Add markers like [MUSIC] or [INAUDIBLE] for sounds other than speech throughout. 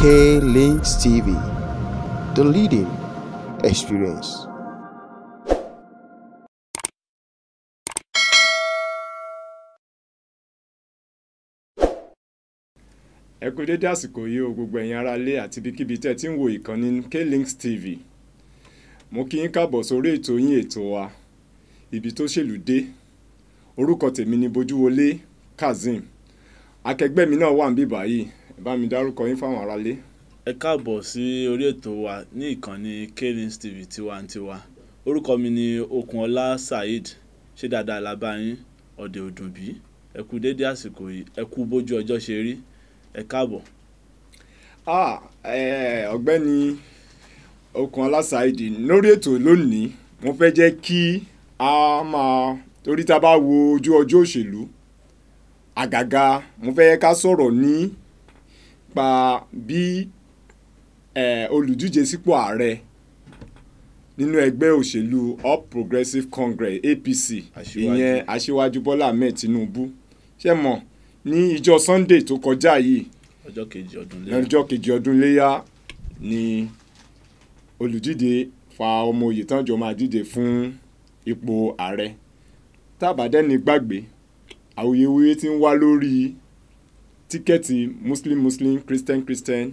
K-Links TV, the leading experience. ẹ kú dédé àsìkò yìí o gbogbo ẹ̀yin aráalé àti ibikíbi tẹ́ ti ń wo ìkànnì K-Links TV mo kí yín káàbọ̀ sórí ètò yín ètò wa ibi tó ṣèlú dé orúkọ tèmi ni Bójúwọlé Kazeem akẹgbẹ́ mi náà wà ń bí ẹ bá mi dárúkọ yín fáwọn aráalé. ẹ káàbọ̀ sí orí ètò wa ní ìkànnì Kaylin's TV tiwantiwa orúkọ mi ni Okunola Saheed ṣé dáadáa la bá yín ọ̀dẹ̀ òdùnbí ẹ kú déédé àsìkò yìí ẹ kú bójú ọjọ́ ṣe rí ẹ káàbọ̀. ọ̀gbẹ́ni Okunola Saheed lórí ètò lónìí mo fẹ́ jẹ́ kí a máa torí tá a bá wo ojú ọjọ́ òṣèlú àgàgà mo fẹ́ ká sọ̀rọ̀ ní nípa bí olùdíje sípò ààrẹ nínú ẹgbẹ́ òṣèlú All Progressives Congress APC ìyẹn aṣíwájú Bọ́lá Ahmed Tinubu ṣe mọ̀ ní ìjọ Sunday tó kọjá yìí ọjọ́ kejì ọdún léyà ni olùdíje fa ọmọ òye tán jọ máa díje fún ipò ààrẹ tábàdẹ́ni gbàgbé awuyewuye ti ń wá lórí tíkẹ́ẹ̀tì muslim muslim christian christian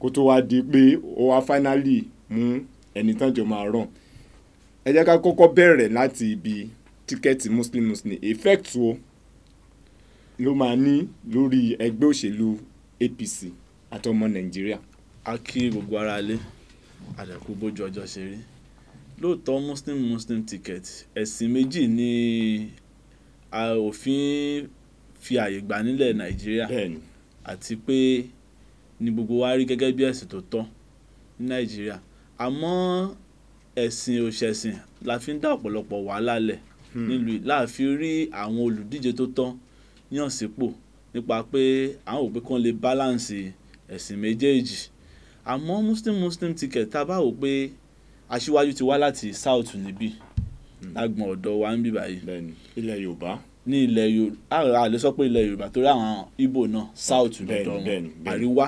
kó tó wá di pé ó wá finally mú ẹni tán jọ máa ràn ẹ jẹ́ ká kọ́kọ́ bẹ̀rẹ̀ láti ibi tíkẹ́ẹ̀tì muslim muslim effect wo ló máa ní lórí ẹgbẹ́ òṣèlú APC àtọmọ Nàìjíríà. a kí gbogbo ara lé àdàkú bójú ọjọ́ ṣe rí lóòótọ́ muslim muslim ticket ẹ̀sìn méjì ni òfin fi àyè gbà nílẹ̀ nàìjíríà àti pé ni gbogbo wa rí gẹ́gẹ́ bí ẹ̀sìn tó tọ́ ní nàìjíríà àmọ́ ẹ̀sìn òṣẹ̀sìn la fi ń dá ọ̀pọ̀lọpọ̀ wàhálà lẹ̀ hmm. nílùú láàfin rí àwọn olùdíje tó tọ́ yàn sípò nípa pé àwọn òpin kan lè báláǹsì ẹ̀sìn méjèèjì àmọ́ muslim muslim ticket tá a bá wò pé aṣíwájú ti wá láti south níbí hmm. lágbọ̀n ọ̀dọ̀ wa ń bì báyìí. ilẹ̀ yorùbá ní ilẹ̀ yorùbá a lè sọ pé ilẹ̀ yorùbá torí àwọn ibo náà south lọ́dọ̀ wọn àríwá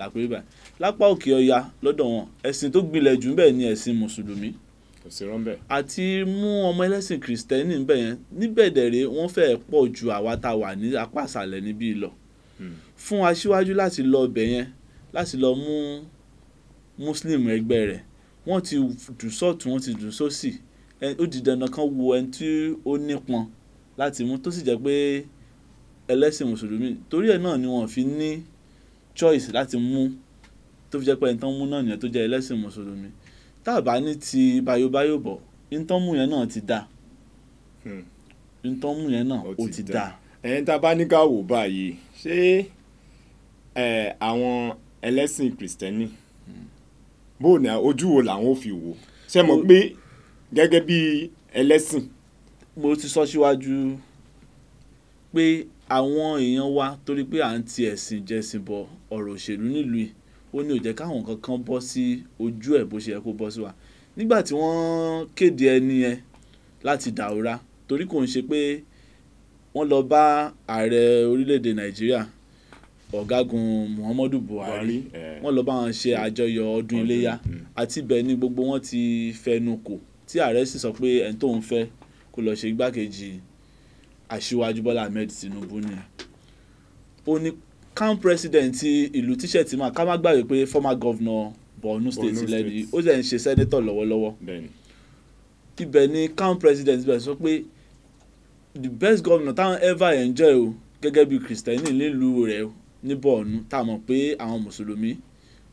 làpẹ́ báyìí lápá òkè ọya lọ́dọ̀ wọn ẹ̀sìn tó gbilẹ̀ jù ń bẹ ni ẹ̀sìn mùsùlùmí àti mú ọmọ ẹlẹ́sìn kìrìsìtẹ́nì ńbẹ̀ yẹn níbẹ̀ dẹ̀rẹ̀ wọ́n fẹ́ẹ̀ pọ̀ ju àwa tá a wà ní apá àṣàlẹ̀ níbí lọ hmm. fún aṣíwájú láti lọ ọbẹ̀ yẹn láti lọ mú muslim ẹgbẹ́ rẹ̀ wọ́n ti dùn sọ́ọ̀tún wọ́n ti dùn sósì ó di dandan kan wo ẹni tí ó nípọn láti mú tó sì jẹ́ pé ẹlẹ́sìn mùsùlùmí torí ẹ̀ náà ni wọ́n fi ní choice láti mú tó fi jẹ́ pé ẹ̀ńtán mú náà nìyẹn tó jẹ́ ẹlẹ́sìn mùsùlùmí tá a bá ní ti bayobayo bọ̀ ẹ̀ńtán mú yẹn náà ti dà ẹ̀ńtán hmm. mú yẹn náà ó ti dà. ẹ̀yin tá a bá ní ká wò báyìí ṣé àwọn ẹlẹ́sìn kìrìsìtẹ́nì hmm. bóun ni ojú wo làwọn ò fi wò ṣe mọ̀ pé gẹ́gẹ́ bí ẹlẹ́sìn mo ti sọ síwájú pé àwọn èèyàn wa torí pé à ń ti ẹ̀sìn jẹ̀sìn bọ̀ ọ̀rọ̀ òṣèlú nílùú yìí ó ní ò jẹ́ káwọn kankan bọ́ sí ojú ẹ̀ bó ṣe yẹ kó bọ́ sí wa nígbà tí wọ́n kéde ẹni yẹn láti Daura torí kò ń ṣe pé wọ́n lọ bá ààrẹ orílẹ̀-èdè Nàìjíríà ọ̀gágun Muhammadu Buhari eh. wọ́n lọ bá wọn ṣe àjọyọ̀ ọdún iléyà mm. àti bẹ́ẹ̀ ni gbogbo wọn ti fẹnu kò tí ààrẹ sì sọ pé ẹni tóun fẹ́ kó lọ ṣe igbákejì aṣíwájú Bọ́lá Ahmed Tinubu ni ó ní camp president ti ìlú tíṣẹ̀tì máa ká má gbàgbé pé former governor Borno State lẹ́ni ó sì ń ṣe senator lọ́wọ́lọ́wọ́ ibẹ̀ ni camp president ibẹ̀ sọ pé the best governor táwọn ever enjoy o gẹ́gẹ́ bí Kristẹni nílùú rẹ̀ ní Borno tá mọ̀ pé àwọn mùsùlùmí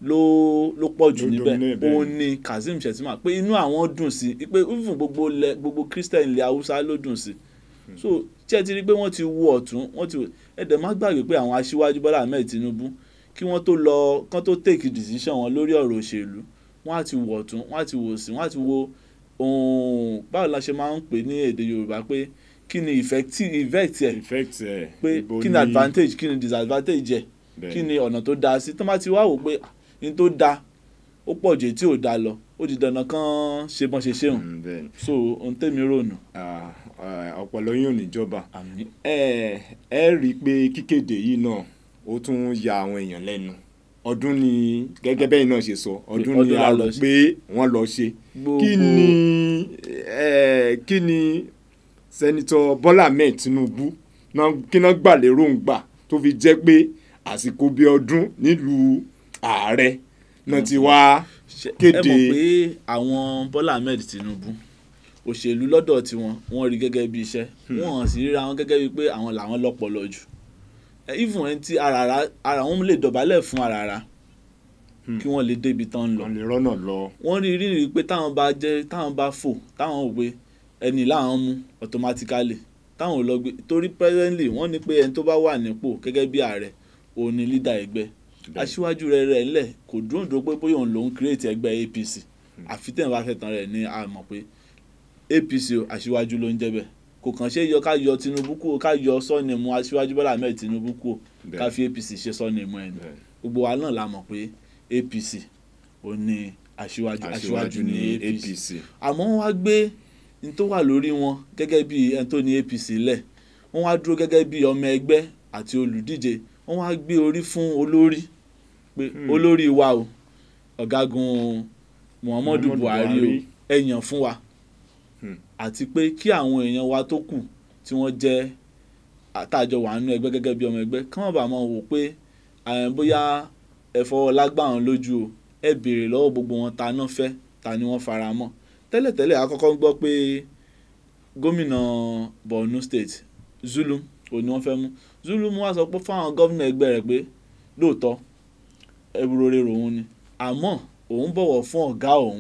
ló ló pọ̀ jù níbẹ̀ òun ni Kazeem Shettima pé inú àwọn dùn sí pé fún gbogbo lẹ gbogbo Christian ilẹ̀ Haúsá ló dùn sí hmm. so tí ẹ ti rí i pé wọ́n ti wo ọ̀tún wọ́n ti ẹ̀dẹ̀ má gbàgbé pé àwọn aṣíwájú Bọ́lá Ahmed Tinubu kí wọ́n tó lọ kán tó take decision wọn lórí ọ̀rọ̀ òṣèlú wọ́n á ti wo ọ̀tún wọ́n á ti wo òsì wọ́n á ti wo ohun báwo la ṣe máa ń pè ní èdè Yorùbá pé kí ni effect ẹ̀ pé kí ni advantage kí ni disadvantage ẹ̀ kí ni ọ̀nà tó dáa sí tó má ti wá wò pé ní tó da ó pọ̀ jù tí ò da lọ ó di dandan kan ṣe bọ́n ṣe ṣéun mm, so ohun tèmi rònú. ọ̀pọ̀lọ́ yóò níjọba ẹ ẹ rí i pé kíkéde yìí náà ó tún ya àwọn èèyàn lẹ́nu ọdún ni gẹ́gẹ́ bẹ́ẹ̀ náà ṣe sọ ọdún ni a rò pé wọ́n lọ ṣe kí ni kí ni sẹ́nitọ́ Bọ́lá Ahmed Tinubu kí náà gbà lérò ń gbà tó fi jẹ́ pé àsìkò bíi ọdún nílùú ààrẹ náà ti mm-hmm. wá kéde. ẹ mọ̀ pé àwọn Bọ́lá Ahmed Tinubu òṣèlú lọ́dọ̀ tiwọn wọ́n rí gẹ́gẹ́ bí iṣẹ́ hmm. wọ́n sì ríra wọn gẹ́gẹ́ bí pé àwọn làwọn lọ́pọlọ jù even ẹni tí ara wọn lè dọ̀bálẹ̀ fún ara ra hmm. kí wọ́n lè débi tán lọ. wọ́n lè rọ́nà lọ. wọ́n rí rírì pé táwọn bá jẹ́ táwọn bá fò táwọn ò pé ẹni láwọn mú automatically táwọn ò lọ gbé torí presently wọ́n ní pé ẹni tó bá wà nípò gẹ́gẹ́ bí ààrẹ òun ni leader ẹgbẹ́ aṣíwájú rẹ̀ rẹ̀ ńlẹ̀ kò dúró dúró pé bóyá òun lòún create ẹgbẹ́ APC hmm. àfi tẹ̀ ń bá fẹ́ tán rẹ̀ ní àmọ́ pé APC aṣíwájú ló ń jẹ́ bẹ́ẹ̀ kò kàn ṣe yọ ká yọ Tinubu kúrò ká yọ sọ́ọ̀nìmù aṣíwájú Bọ́lá Ahmed Tinubu kúrò ká fi APC ṣe sọ́ọ̀nìmù ẹ̀ gbogbo wa náà la mọ̀ pé APC ò ní aṣíwájú aṣíwájú ní APC àmọ́ wọ́n wá gbé ní tó wà lórí wọn gẹ́gẹ́ bí ẹni tó ní APC lẹ̀ wọ́n wá dúró gẹ́gẹ́ bí ọmọ ẹgbẹ́ àti olùdíje wọ́n wá gbé orí fún olórí pé hmm. olórí wa o ọ̀gágun Muhammadu Buhari o ẹ̀yàn fún wa hmm. àti pé kí àwọn èèyàn wa tó kù tí wọ́n jẹ́ àtàjọ wà nínú ẹgbẹ́ gẹ́gẹ́ bí ọmọ ẹgbẹ́ kí wọ́n bá máa wò pé bóyá ẹ̀fọ́ lágbàrán lójú o ẹ béèrè lọ́wọ́ gbogbo wọn ta náà fẹ́ ta ni wọ́n fara mọ́ tẹ́lẹ̀tẹ́lẹ̀ a kọ́kọ́ gbọ́ pé gómìnà Borno State Zulum òun ni wọ́n fẹ́ mú Zulum wa sọ pé fáwọn gómìnà ẹgbẹ́ rẹ̀ pé lóòótọ́ ẹ̀rù rere òun ni àmọ́ òun bọ̀wọ̀ fún ọ̀gá òun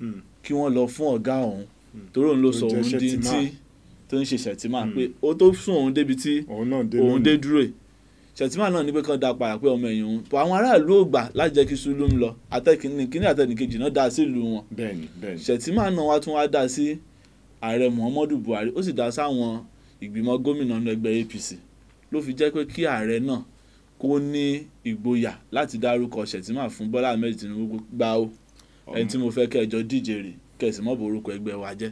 hmm. kí wọ́n lọ fún ọ̀gá òun hmm. torí òun ló sọ òun di tí tó ń ṣe ṣètìmá hmm. pé ó tó sún òun débi tí òun dé dúró ẹ̀ ṣètìmá náà ní pé kán da padà pé ọmọ ẹ̀yìn òun tó àwọn aráàlú ò gbà láti jẹ́ kí Zulum lọ àtẹ̀kínní àtẹ̀nìkejì náà dá sí wọn ṣètìmá náà wá tún wá dá sí ààrẹ Muhammadu Buhari ó sì dá sáwọn ìgbìmọ̀ gómìnà ẹgbẹ́ APC ló fi jẹ́ pé kí ààrẹ náà kó ní ìgboyà láti dárúkọ Shettima fún Bọ́lá Ahmed Tinubu gbá o ẹni tí mo fẹ́ kẹjọ díje rè kẹsì mọ́ borúkọ ẹgbẹ́ wa jẹ́.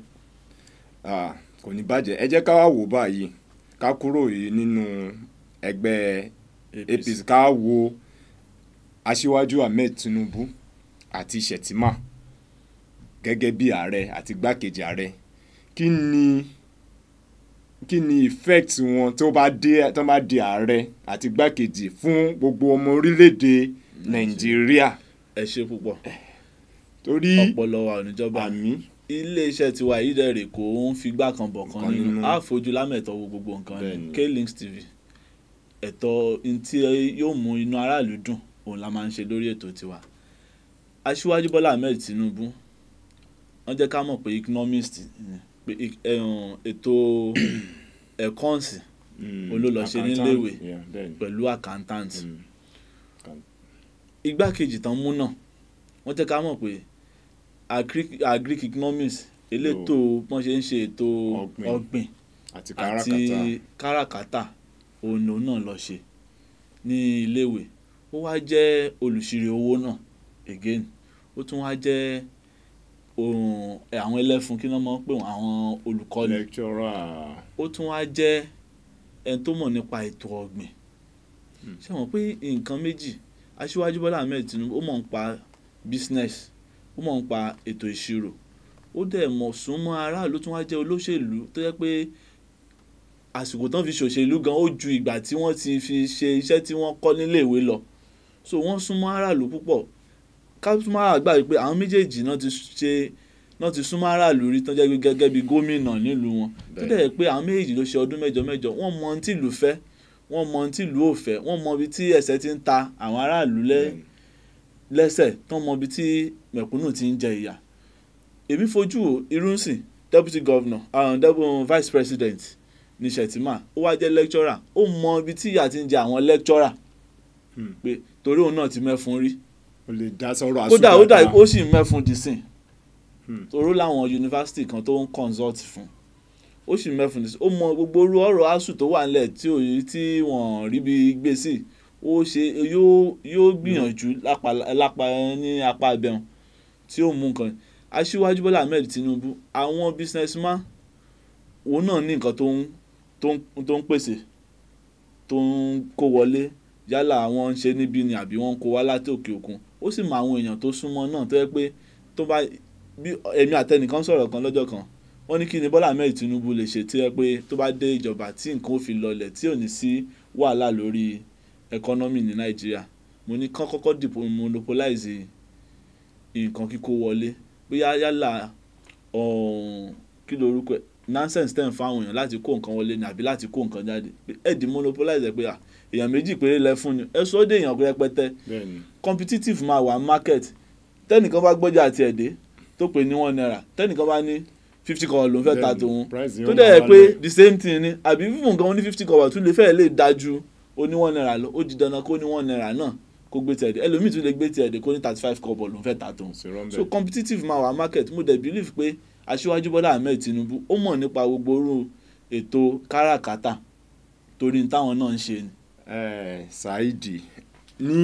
kò ní bàjẹ́ ẹ jẹ́ ká wá wò báyìí ká kúrò yìí nínú ẹgbẹ́ APC ká wo aṣíwájú Ahmed Tinubu àti Shettima gẹ́gẹ́ bí ààrẹ àti igbákejì ààrẹ kí ni kí ni effect wọn tó bá dé tó bá di ààrẹ àti igbákejì fún gbogbo ọmọ orílẹ̀-èdè nàìjíríà. ẹ ṣe púpọ̀ torí ọpọlọ wa ò ní jọba àmì iléeṣẹ́ tiwa yìí dẹ̀ rè kó ń figbá kan bọ̀ kan nínú a fojú lámẹ̀tọ́ wo gbogbo nǹkan K-Links TV ẹ̀tọ́ ntí yóò mú inú aráàlú dùn òun la máa ń ṣe lórí ètò tiwa aṣíwájú Bọ́lá Ahmed Tinubu wọ́n jẹ́ ká mọ̀ pé economist ni. Mm ètò ẹ̀kọ́ ọ̀sìn mm. olólọ́ṣe níléèwé pẹ̀lú mm. accountant igbákejì tán mú náà wọ́n jẹ́ ká mọ̀ pé agric economics elétò oh. bọ́n ṣe ń ṣe ètò ọ̀gbìn àti káràkátà òun náà lọ ṣe ní iléèwé ó wá jẹ́ olùṣirò owó náà again ó tún wá jẹ́ ohun eh, àwọn ẹlẹ́fun kí ni wọ́n máa ń pè wọ́n àwọn olùkọ́ni ó tún wá jẹ́ ẹni tó mọ̀ nípa ètò ọ̀gbìn hmm. ṣé wọ́n pé nǹkan méjì aṣíwájú bọ́lá ahmed tinubu ó mọ̀ ń pa business ó mọ̀ ń pa ètò ìṣirò ó dẹ̀ mọ̀ súnmọ́ aráàlú tó wá jẹ́ olóṣèlú tó jẹ́ pé àsìkò tán fi ṣòṣèlú gan ó ju ìgbà tí wọ́n ti fi ṣe iṣẹ́ tí wọ́n kọ́ níléèwé lọ so wọ́n súnmọ́ aráàlú púpọ̀ kámá gbà pé àwọn méjèèjì náà ti ṣe náà ti súnmọ́ aráàlú rí tán jẹ́ gẹ́gẹ́ bí gómìnà nílùú wọn tó dẹ̀ pé àwọn méjèèjì ló ṣe ọdún mẹ́jọ mẹ́jọ wọ́n mọ ohun tí ìlú fẹ́ wọ́n mọ ohun tí ìlú ò fẹ́ wọ́n mọ ibi tí ẹsẹ̀ ti ń ta àwọn aráàlú lẹ́sẹ̀ tán mọ ibi tí mẹ̀kúnnù ti ń jẹ ìyà èmi fojú irúnsìn deputy governor ah, um, deputy vice president ní Shettima ó wá jẹ́ lecturer ó mọ ibi tí ìyà ti ń jẹ àwọn lecturer hmm. pé torí òun náà ti mẹ́fun rí o lè dá sọ̀rọ̀ àsùnwọ̀n dáadáa kódà ó sì mẹ́fun dísìn hmm. toró láwọn yunifásitì kan tó ń consult fún ó sì mẹ́fun dísìn ó mọ gbogbo orú ọ̀rọ̀ asù tó wà nílẹ̀ tí òye tí wọ́n ríbi gbé sí ó ṣe yóò gbìyànjú lápá ní apá abẹ́hùn tí ó mú nǹkan aṣíwájú bọ́lá ahmed tinubu àwọn businessman òun náà ní nǹkan tó ń tó ń pèsè tó ń kó wọlé yálà wọ́n ń ṣe níbí ni àbí wọ́n ń kó wá láti òkè òkun ó sì mọ àwọn èèyàn tó súnmọ́ náà tó yẹ pé tó bá bí èmi àtẹnìkan sọ̀rọ̀ kan lọ́jọ́ kan wọ́n ní kí ni Bọ́lá Ahmed Tinubu lè ṣe tó yẹ pé tó bá dé ìjọba tí nǹkan ò fi lọlẹ̀ tí ò ní sí wàhálà lórí ẹkọ́nọ́mì ní Nàìjíríà mo ní kán kọ́kọ́ dìbò monopolize nǹkan kíkó wọlé bóyá yálà um, kí lorúkọ nonsense tẹ̀ ń fáwọn èèyàn láti kó nǹkan wọlé ni àbí láti kó nǹkan jáde ẹ monopolize pé à èèyàn méjì péré lẹ fún ni ẹ sọ de èèyàn rẹpẹtẹ competitive máa wà market tẹnìkan bá gbọ́jà àti ẹ̀dẹ́ tó pé ní one naira tẹnìkan bá ní fifty kọ̀wà ló ń fẹ́ ta tòun tó dẹ̀ pé the same thing ni àbí fífún nǹkan ó ní fifty kọ̀wà tún lè fẹ́ lè dájú ó ní one naira lọ ó di dandan kó ní one naira náà kó gbé tiẹ̀ dé ẹlòmíì tún lè gbé tiẹ̀ dé kó ní thirty five kọ̀wà ló ń fẹ́ ta tòun so competitive máa wà market mo dẹ̀ believe pé aṣíwájú bọ́lá ahmed tinubu ó mọ̀ nípa gbogbo orú ètò káràkátà torí táwọn náà ń ṣe ni. ṣáìdì ní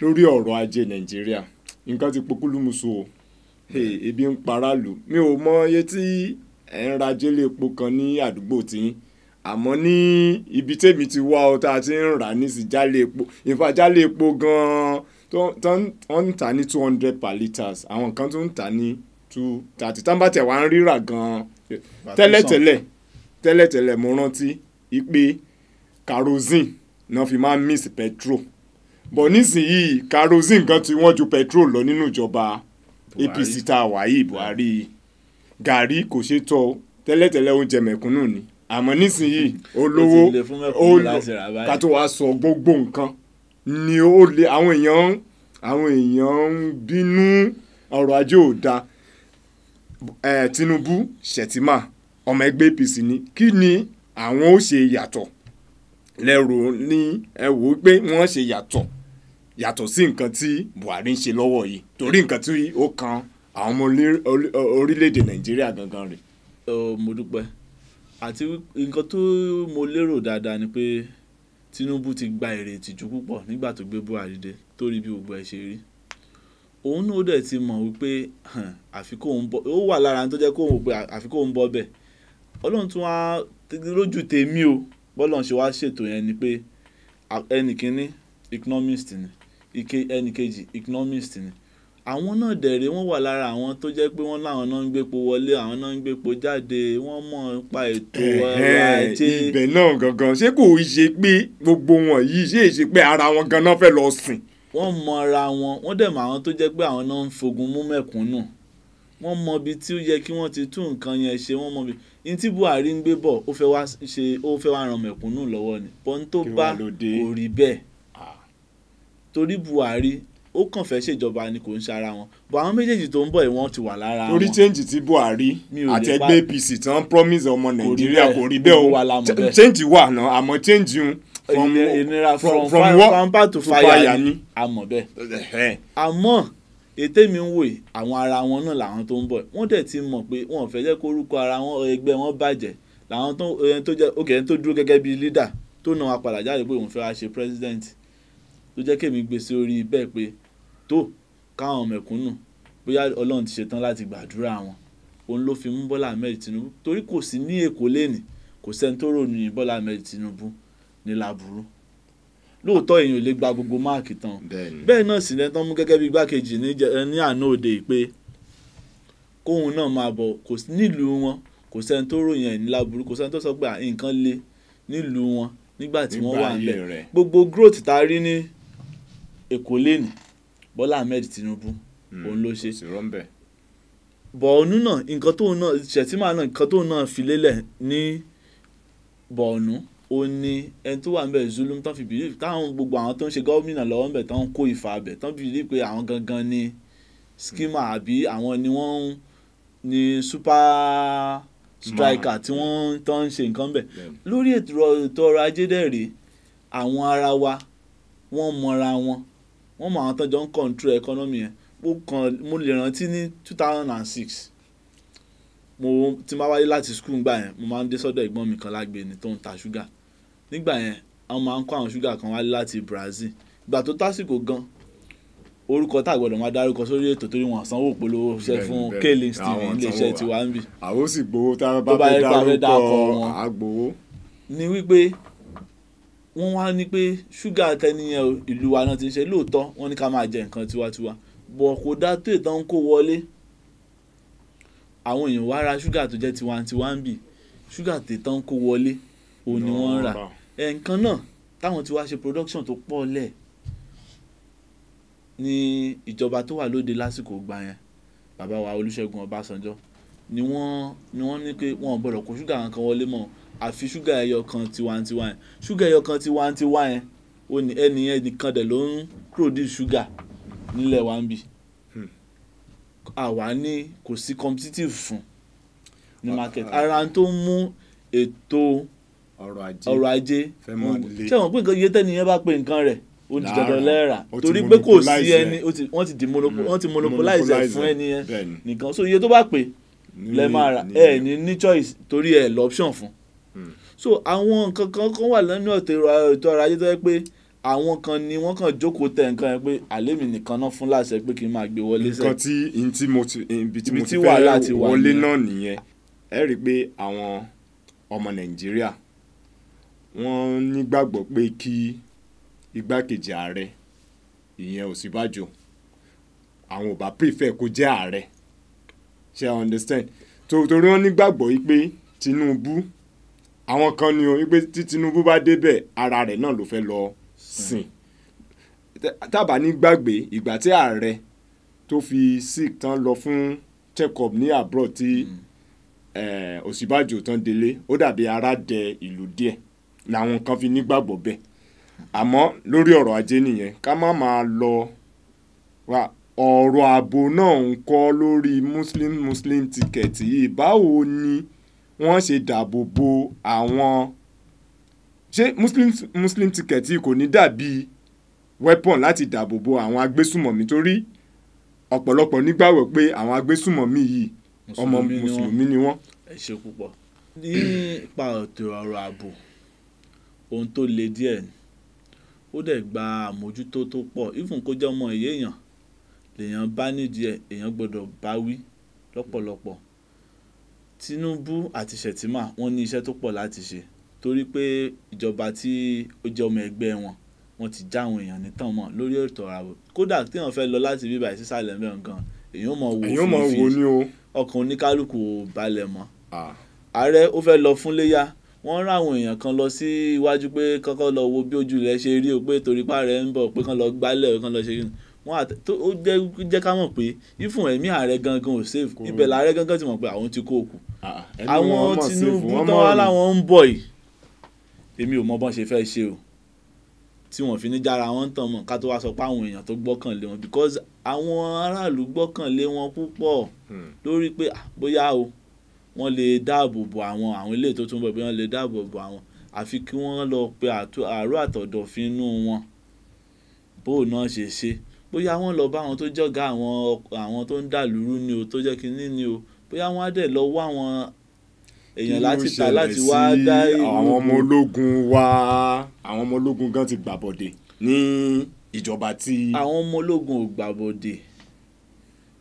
lórí ọ̀rọ̀ ajé nàìjíríà nǹkan ti pokúlù o ebi ń paráàlú mi ò mọ iye tí ẹ̀ ń rajé lépo kan ní àdúgbò tiyín àmọ́ ní ibi tèmi ti wá ọ tá a ti ń rà ní jálè epo ìfà jálè epo gan-an tó ń tà ní two hundred per litres àwọn kan tó ń tà ní two thirty tábàtẹ̀ wá ń rírà gan-an tẹ́lẹ̀tẹ́lẹ̀ tẹ́lẹ̀tẹ́lẹ̀ mo rántí pé kerosene náà fi máa ń miss petrol bọ̀ nísìnyìí kerosene gan ti wọ́n ju petrol lọ nínú ìjọba APC tá a wà yìí Buhari gàrí kò ṣe tọ́ tẹ́lẹ̀tẹ́lẹ̀ oúnjẹ mẹ̀kúnnù ni àmọ́ nísìnyìí [LAUGHS] olówó ká tó wàá sọ gbogbo nǹkan ni ó lè àwọn èèyàn àwọn èèyàn ń bínú ọrọ̀ ajé ò dáa eh, Tinubu Shettima ọmọ ẹgbẹ́ APC ni kí ni àwọn ó ṣe yàtọ̀ lẹ́rù ní ẹ wò ó pé wọ́n ṣe yàtọ̀ yàtọ̀ sí nǹkan tí Buhari ń ṣe lọ́wọ́ yìí torí nǹkan tí ó kan àwọn ọmọ orílẹ̀-èdè Nàìjíríà gangan rẹ̀. mo dúpẹ́ àti nǹkan tó mo lérò dáadáa ni pé Tinubu ti gba èrè ìtìjú púpọ̀ nígbà tó gbé Buhari dé torí bí gbogbo ẹ̀ ṣe rí òun náà dẹ̀ ti mọ̀ wípé àfi kóun bọ́ ó wà lára tó jẹ́ kóun pé àfi kóun bọ́ bẹ̀ ọlọ́run tún wá lójú tèmi o bọ́lọ̀ ṣe wá ṣètò yẹn ni pé ẹnì kínní economist ni ẹnì kejì economist ni àwọn náà dẹ̀rẹ̀ wọ́n wà lára àwọn tó jẹ́ pé wọ́n láwọn náà ń gbépo wọlé àwọn náà ń gbépo jáde wọ́n mọ̀ nípa ètò ọrọ̀ ajé. ibẹ̀ náà gangan ṣé kò ṣe pé gbogbo wọn yìí ṣe é ṣe pé ara wọn ganan fẹ́ lọ sìn wọ́n mọra wọn wọ́n dẹ̀ mọ àwọn tó jẹ́ pé àwọn náà ń fogun mú mẹ̀kúnnù wọ́n mọ ibi tí ó yẹ kí wọ́n ti tún nǹkan yẹn ṣe wọ́n mọ ibi ní tí Buhari ń gbé bọ̀ ó fẹ́ wá ṣe ó fẹ́ wá ran mẹ̀kúnnù lọ́wọ́ ni bọ́n tó bá kò rí bẹ́ẹ̀ torí Buhari ó kàn fẹ́ ṣèjọba ni kò ń ṣara wọn bọ̀ àwọn méjèèjì tó ń bọ̀ ìwọ̀n ti wà lára wọn. torí change ti Buhari àti ẹgbẹ́ APC tán promise ọmọ Nàìjíríà kò rí bẹ́ẹ̀ o change wà náà àmọ́ change ń ìnira from pampa to fire ni àmọ́ bẹ́ẹ̀ àmọ́ ètè mi ń wòye àwọn ara wọn náà làwọn tó ń bọ̀ wọ́n dẹ̀ ti mọ̀ pé wọ́n fẹ́ jẹ́ kórúkọ ara wọn ẹgbẹ́ wọn bàjẹ́ làwọn tó ẹni tó jẹ́ òkè ẹni tó dúró gẹ́gẹ́ bíi leader tó nà wá padà jáde pé òun fẹ́ wá ṣe president tó jẹ́ kémi gbèsè orí bẹ́ẹ̀ pé tó káwọn mẹ̀kúnnù bóyá ọlọ́run ti ṣetán láti gbàdúrà wọn òun ló fi mú Bọ́lá Ahmed Tinubu torí kò sí ní Èkó lẹ́nìí kò sẹ́ni tó ròyìn Bọ́lá Ahmed Tinubu ní laburu, lóòótọ́ èèyàn ò lè gba gbogbo máàkì tán bẹ́ẹ̀ náà sì lẹ́tọ́ mú gẹ́gẹ́ bí igbákejì ní àná òde pé kóun náà máa bọ̀ kò nílùú wọn kò sẹ́ni tó ròyìn ẹ̀ ní láburú kò sẹ́ni tó sọ pé nǹkan le nílùú wọn nígbà tí wọ́n wà níbẹ̀ gbogbo growth tá a rí ní èkó lẹ́nu Bọ́lá Ahmed Tinubu hmm, òun ló ṣe bọ̀ọ̀nù náà nǹkan tóun náà ṣètìmá náà nǹkan tóun náà fi lélẹ̀ ní bọ̀ọ̀nù ó ní ẹni tó wà ń bẹ̀ zulum tán fi bìlíf táwọn gbogbo àwọn tó ń ṣe gómìnà lọ́wọ́ ń bẹ̀ tán ń kó ìfà bẹ̀ tán bìlíf pé àwọn gangan ni skima àbí àwọn ni wọ́n ń ni super striker tí wọ́n tán ń ṣe nǹkan bẹ̀ lórí ètò ọrọ̀ ajé dẹ̀ rèé àwọn ara wa wọ́n mọra wọn wọ́n mọ àwọn tó jọ ń control economy yẹn mo kàn mo lè rántí ní two thousand and six mo ti máa wáyé láti school gbà yẹn mo máa ń dé sọ́dọ̀ ẹ̀gbọ́n mi kan lágbè ni tó ń ta ṣúgà nígbà yẹn àwọn máa ń kó àwọn ṣúgà kan wá láti Brazil ìgbà tó tásìkò gan orúkọ tá a gbọ́dọ̀ máa dárúkọ sórí ètò torí wọn sanwó polówó iṣẹ́ fún kaelin steven iléeṣẹ́ tiwa ń bì. àwọn sì gbowó tá a bá fẹ́ dárúkọ àgbowó. ni wípé wọ́n wá ní pé ṣúgà tẹniyẹn ìlú wa náà ti ń ṣe lóòótọ́ wọ́n ní ká máa jẹ nǹkan tiwantiwa bọ̀ kò dá tó ìtàn kó wọlé àwọn èèyàn wá ra ṣúgà tó jẹ́ tiwantiwa ń bì ṣúgà tó ìtàn kó wọlé òun ni wọ́n ń rà. No, nǹkan náà táwọn ti wá ṣe production tó pọ̀ lẹ̀ ní ìjọba tó wà lóde lásìkò gbà yẹn bàbá wa Olúṣẹ́gun Ọbásanjọ́ ni wọ́n ni wọ́n ní pé wọn ò gbọ́dọ̀ kó ṣúgà kankan wọlé mọ́ àfi ṣúgà ẹyọ kan tiwantiwa yẹn ṣúgà ẹyọ kan tiwantiwa yẹn ó ní ẹni yẹn nìkan dẹ̀ ló ń produce ṣúgà nílẹ̀ wa ń bì hmm. àwa ní kò sí competitive fún ní ah, market ah. ara tó ń mú ètò ọrọ̀ ajé sẹ́wọ̀n pé iye tẹ́niyẹn bá pe nǹkan rẹ̀ ó di dandan lẹ́ẹ̀rà torí pé kò sí ẹni mm. wọ́n ti monopolize ẹ̀ fún ẹni yẹn nìkan so iye tó bá pè lẹ́ẹ̀ máa rà ẹ̀ ní ní choice torí ẹ̀ lọ́pṣọ̀n fún mm. so àwọn nǹkan kan kan wà lẹ́nu ètò ọrọ̀ ajé tó yẹ pé àwọn kan ni wọ́n kàn jókòó tẹ nǹkan yẹn pé àlémi nìkan náà fún láṣẹ pé kí n máa gbé wọlé sẹ. nǹkan tí ibi mo ti fẹ́ wọlé náà nìyẹn ẹ rí i pé àwọn ọmọ nàìjíríà wọ́n nígbàgbọ́ pé kí igbákejì ààrẹ ìyẹn Ọ̀ṣínbàjò àwọn ò bá prefer kó jẹ́ ààrẹ ṣe i understand torí wọ́n nígbàgbọ́ yìí Tinubu àwọn kan ni o pé tí Tinubu bá débẹ̀ ara rẹ̀ náà ló fẹ́ lọ sìn tábà ní gbàgbé ìgbà tí ààrẹ tó fi sick tán lọ fún check up ní abroad tí Ọ̀ṣínbàjò mm. eh, tán délé ó dàbí ara dẹ ìlú díẹ̀ làwọn kan fi nígbàgbọ́ bẹ́ẹ̀ àmọ́ lórí ọ̀rọ̀ ajé nìyẹn ká má máa lọ wa ọ̀rọ̀ ààbò náà ń kọ́ lórí muslim muslim ticket yìí báwo ni wọ́n ṣe dáàbò bo àwọn ṣé muslim muslim ticket yìí kò ní dàbí weapon láti dáàbò bo àwọn agbésùmọ̀mí torí ọ̀pọ̀lọpọ̀ nígbàgbọ́ pé àwọn agbésùmọ̀mí yìí ọmọ mùsùlùmí ni wọ́n. ẹ ṣe púpọ̀ nípa ọ̀rọ̀ ààbò ohun tó le díẹ̀ ni. Ó dẹ̀ gba àmójútó tó pọ̀. Even kó jẹ́ ọmọ ìyá èèyàn lèèyàn bá nídìí ẹ̀, èèyàn gbọdọ̀ bá wí lọ́pọ̀lọpọ̀. Tinubu àti Shettima wọ́n ní iṣẹ́ tó pọ̀ láti ṣe torí pé ìjọba tí ó jẹ́ ọmọ ẹgbẹ́ wọn, wọ́n ti já àwọn èèyàn nítàn mọ́ lórí ètò ààbò. Kódà tí èèyàn fẹ́ lọ láti ibi báyìí sí ìsàlẹ̀ ńbẹ̀ gan, èèyàn ó mọ wò fínfín. Ọkàn oníkálukú ò balẹ̀ mọ́. Ààrẹ ó fẹ́ lọ fún iléyá, wọ́n rán àwọn èèyàn kan lọ sí iwájú pé kọ́kọ́ lọ wo bí ojú rẹ̀ ṣe rí o pé torí pa rẹ̀ ń bọ̀ pé kán lọ gbálẹ̀ o kán lọ ṣe kí wọ́n àtẹ ó jẹ́ ká mọ̀ pé ifun ẹ̀mí ààrẹ gangan ò save ibẹ̀ làárẹ̀ gangan ti mọ̀ pé àwọn ti kó òkú àwọn Tinubu tán wá láwọn ń bọ̀ yìí èmi ò mọ bọ́n ṣe fẹ́ ṣe o tí wọ́n fi ní jára wọn tàn mọ́ ká tó wá sọ pé àwọn èèyàn tó gbọ́kànlé wọn because àwọn aráàlú gbọ́kànlé wọn púpọ̀ hmm. lórí pé bóyá o wọ́n lè dáàbò bo àwọn àwọn ilé tó tún bọ̀ bí wọ́n lè dáàbò bo àwọn àfi kí wọ́n lọ pe àárọ̀ àtọ̀dọ̀fin inú wọn bó náà ṣe ṣe bóyá wọ́n lọ bá àwọn tó jọ̀gá àwọn àwọn tó ń dàlúrú ni o tó jẹ́ kínní ni o bóyá wọ́n á dẹ̀ lọ wá àwọn èèyàn láti ta láti wá dá ìlú. àwọn ọmọ ológun wa àwọn ọmọ ológun gan ti gbàbọ̀dè ní ìjọba tí. àwọn ọmọ ológun ò gbàbọ̀dè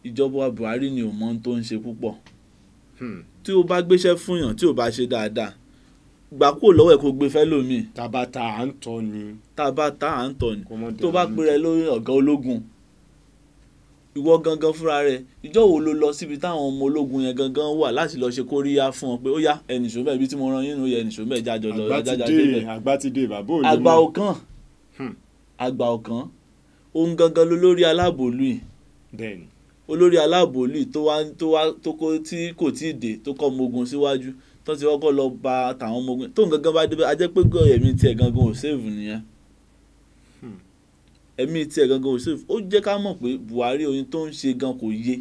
ìjọba Buhari ni ò mọ ohun tó ń ṣe púpọ̀ Hmm. tí o bá gbéṣẹ́ fún yàn tí o bá ṣe dáadáa gbà kúrò lọ́wọ́ ẹ̀ kó gbé fẹ́ lómi. tabata à ń tọ́ ni. tabata à ń tọ́ ni tó bá pèrè lórí ọ̀gá ológun ìwọ gangan fúnra rẹ ìjọ wo ló lọ síbi táwọn ọmọ ológun yẹn gangan wà láti lọ ṣe kóríyá fún ọ pé ó yá ẹnìṣó bẹ́ẹ̀ bí tí mo rán yín nù yẹ ẹnìṣó bẹ́ẹ̀ jájọ lọ jájá débẹ̀ àgbà ti dé bàbá òní mọ àgbà ọkàn hmm. àgbà ọkàn òun gangan ló lórí aláàbòlù yìí olórí aláàbòlì tó wá tó wá tó kó tí kò tí ì dé tó kọ́ ọmọ ogun síwájú tó ti kọ́kọ́ lọ ba tàwọn ọmọ ogun tóun gangan bá débẹ̀ ajẹ́ pé gọ́ ẹ̀mí tiẹ̀ gangan ò sèvù nìyẹn hmm. ẹ̀mí tiẹ̀ gangan ò sèvù ó jẹ́ ká mọ̀ pé Buhari oyin tó ń ṣe gan kò yé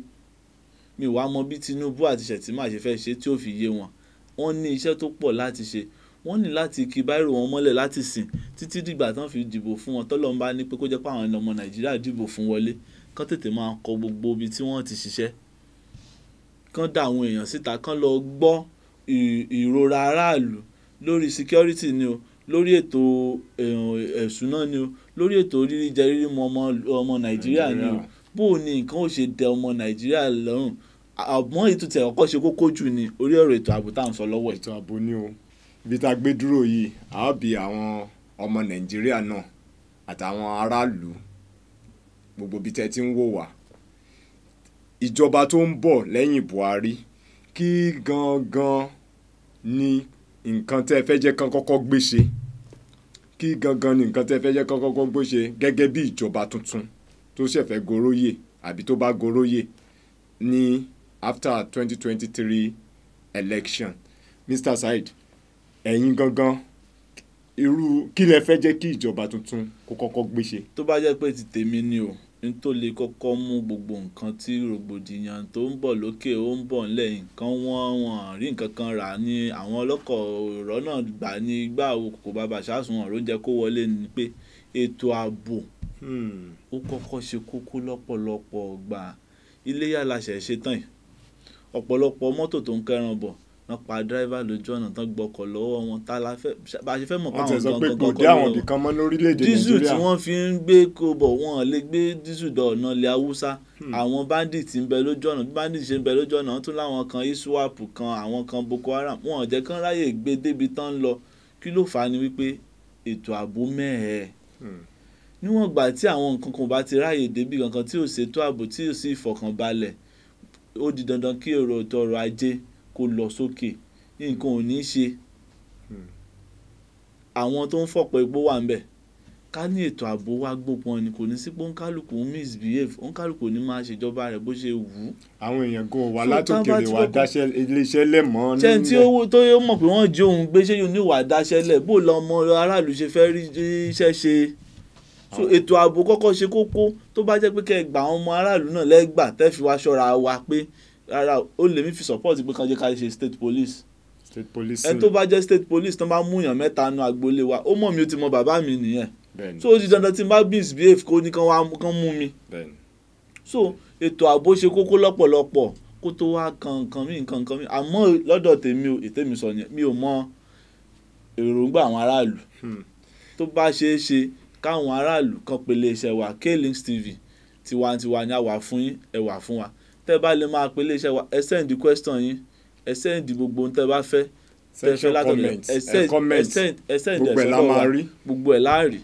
mi wàá mọ bí Tinubu àti Shettima ṣe fẹ́ ṣe tí ó fi yé wọn wọ́n ní iṣẹ́ tó pọ̀ láti ṣe wọ́n ní láti kí báírò wọn mọ́lẹ̀ láti sìn títí dìgbà tán fi dìbò fún wọn tọ́lọ́mbá ní pé kó jẹ́ pé àwọn ọmọ Nàìjíríà dìbò fún wọlé kán tètè máa kọ gbogbo ibi tí wọ́n ti ṣiṣẹ́ kán dá àwọn èèyàn síta kán lọ gbọ́ ìrora aráàlú lórí security ni o lórí ètò ẹ̀sùn náà ni o lórí ètò rírí jẹ rírí mu ọmọ nàìjíríà ni o bó o ní nǹkan ò ṣe dẹ ọmọ nàìjíríà lọ́rùn àmọ́ ètò tí ẹ̀kọ́ ṣe kókó jù ni orí ọ̀rọ̀ ètò ààbò tá à ń sọ lọ́wọ́ ẹ̀. ètò ààbò ni o ibi tá a gbé dúró yìí a àwọn ọmọ nàìjíríà náà àtàwọn aráàlú gbogbo bí tẹ́ ti ń wò wá ìjọba tó ń bọ̀ lẹ́yìn Buhari kí gangan ni nǹkan tẹ́ fẹ́ jẹ́ kán kọ́kọ́ gbé ṣe kí gangan ni nǹkan tẹ́ fẹ́ jẹ́ kán kọ́kọ́ gbé ṣe gẹ́gẹ́ bí ìjọba tuntun tó ṣẹ̀fẹ̀ goróyè àbí tó bá goróyè ní after twenty twenty three election Mr. Saheed ẹ̀yin gangan irú kí lẹ fẹ́ jẹ́ kí ìjọba tuntun kó kọ́kọ́ gbé ṣe. tó bá jẹ́ pé ti tèmi ni o n tó lè kọ́kọ́ mú gbogbo nǹkan tí rògbòdìyàn tó ń bọ̀ lókè ó ń bọ̀ ńlẹ̀ nǹkan wọn wọn rí nǹkan kan rà ní àwọn ọlọ́kọ̀ rọ́nà gbà ní igbá òkòkò bàbà ṣáàsùn ọ̀rọ̀ jẹ́ kó wọlé ni pé ètò ààbò hmm. ó kọ́kọ́ ṣe kókó lọ́pọ̀lọpọ̀ gbà iléyà la ṣẹ̀ ṣe tán yìí ọ̀pọ̀lọpọ̀ mọ́tò tó ń kẹran bọ̀ wọ́n pa dírẹ́fà lójú ọ̀nà tán gbọ́kọ̀ lọ́wọ́ wọn tá la fẹ́ bá a ṣe fẹ́ mọ̀ pàwọn gangan gangan kọ́ lọ́wọ́ dísù àwọn ibìkan mọ́ lórílẹ̀‐èdè nàìjíríà dísù tí wọ́n fi ń gbé kobọ̀ wọn lè gbé dísù dọ̀ ọ̀nà ilẹ̀ haúsá hmm. àwọn bandit ń bẹ lójú ọ̀nà bí bandit ṣe ń bẹ lójú ọ̀nà wọ́n tún láwọn kan iswap kan àwọn kan boko haram wọn ò jẹ́ kán ráyè gbé débi tán lọ kí ló fà á ni wípé ètò ààbò mẹ́ẹ̀ẹ́ hmm. níwọ̀n gbà tí àwọn nǹkan kan bá ti ráyè débi kankan tí ò ṣètò ààbò tí ò sí ìfọ̀kànbalẹ̀ ó di dandan kí èrò kó lọ sókè nǹkan ò ní ṣe hmm. àwọn tó ń fọ̀pọ̀ epo wà ń bẹ̀ ká ní ètò ààbò wa gbópọn ni kò ní sí pé òǹkálùkù ń misbehave òǹkálùkù ní máa ṣèjọba rẹ̀ bó ṣe wù ú. àwọn èèyàn gan wà látòkèrè wà dáṣẹ́ iléeṣẹ́ lẹ̀ mọ́ nílẹ̀. ṣẹ́ni tí owó tó yẹ mọ̀ pé wọ́n jí òun gbé ṣé ní wà dáṣẹ́ lẹ̀ bó lọ ọmọ aráàlú ṣe fẹ́ rí iṣẹ́ ṣe. so ah. ètò ààbò kọ́kọ́ ṣe kókó tó bá jẹ́ pé kẹ́ ẹ gbà àwọn ọmọ aráàlú náà lẹ́gbà tẹ́ fi wá ṣọ́ra wa pé rárá ó lè mí fi support pé kan jẹ́ ká ṣe state police state police ẹ tó bá jẹ́ state police tán bá mú yàn mẹ́ta nu agboolé wa ó mọ̀ mi ó ti mọ bàbá mi nìyẹn so ó di dandan tí n bá misbehave kó ní kán wá mú mi so ètò ààbò ṣe kókó lọ́pọ̀lọpọ̀ kó tó wá kankan mi nkankan mi àmọ́ lọ́dọ̀ tèmi ò ètèmi sọ yẹn mi ò mọ èròǹgbà àwọn aráàlú hmm. tó bá ṣeé ṣe káwọn aráàlú kan pèlè iṣẹ́ wa Kaylinkz TV tiwantiwa ni a wà fún yín ẹ wà fún wa. Hmm tẹ́ bá lè máa pe iléeṣẹ́ wa ẹ send question yín ẹ send gbogbo ohun tẹ́ bá fẹ́ tẹ́ fẹ́ látọ̀dọ̀ ẹ send ẹ send ẹ send ẹ sọ́dọ̀ wa gbogbo ẹ̀ láàrí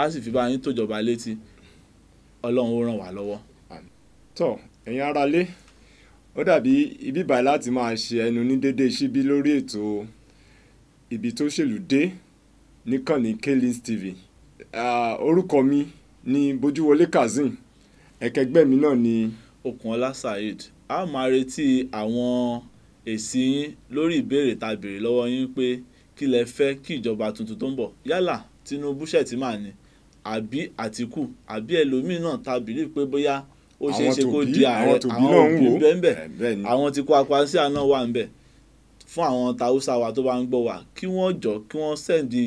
a sì fi bá yín tòjọba létí ọlọ́run ó ràn wá lọ́wọ́. tọ ẹ̀yin aráalé ó dàbí ibi báyìí láti máa ṣe ẹnu ní dédé síbí lórí ètò ibi tó ṣèlú dé níkànnì Kayliz TV orúkọ mi ni Bójúwọlé Kazeem ẹ̀kẹgbẹ́ mi náà ni. Keli, Okunola Saheed. A ó máa retí àwọn èsì yín lórí ìbéèrè tá a béèrè lọ́wọ́ yín pé kí lẹ fẹ́ kí ìjọba tuntun tó ń bọ̀ yálà Tinubu Shettima ni àbí Àtíkù àbí ẹlòmíín náà tá a pé bóyá ó ṣeé ṣe kó di ààrẹ àwọn òbí bẹ́ẹ̀ àwọn tí kó akwasi àná wà ń bẹ̀ fún àwọn tàwùsà wa tó bá ń gbọ́ wa kí wọ́n jọ kí wọ́n sẹ́ndì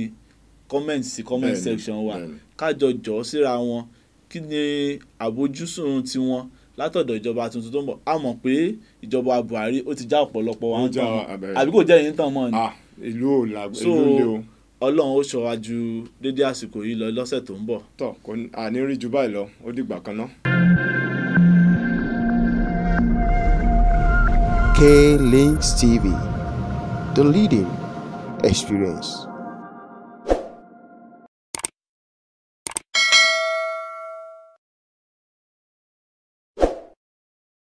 comment sí comment section wa kájọ jọ síra wọn kí ni àbójúsùn tiwọn látọ̀dọ̀ ìjọba tuntun tó ń bọ̀ a mọ̀ pé ìjọba Buhari ó ti já ọ̀pọ̀lọpọ̀ wa ń tán àbí kò jẹ́ èyí tàn mọ́ ni. Ah, ìlú ò la ìlú lè o. Ọlọ́run ó ṣọwa ju dédé àsìkò yìí lọ lọ́sẹ̀ tó ń bọ̀. tọ kò ní rí ju báyìí lọ ó dìgbà kan ná. k Links TV, the leading experience.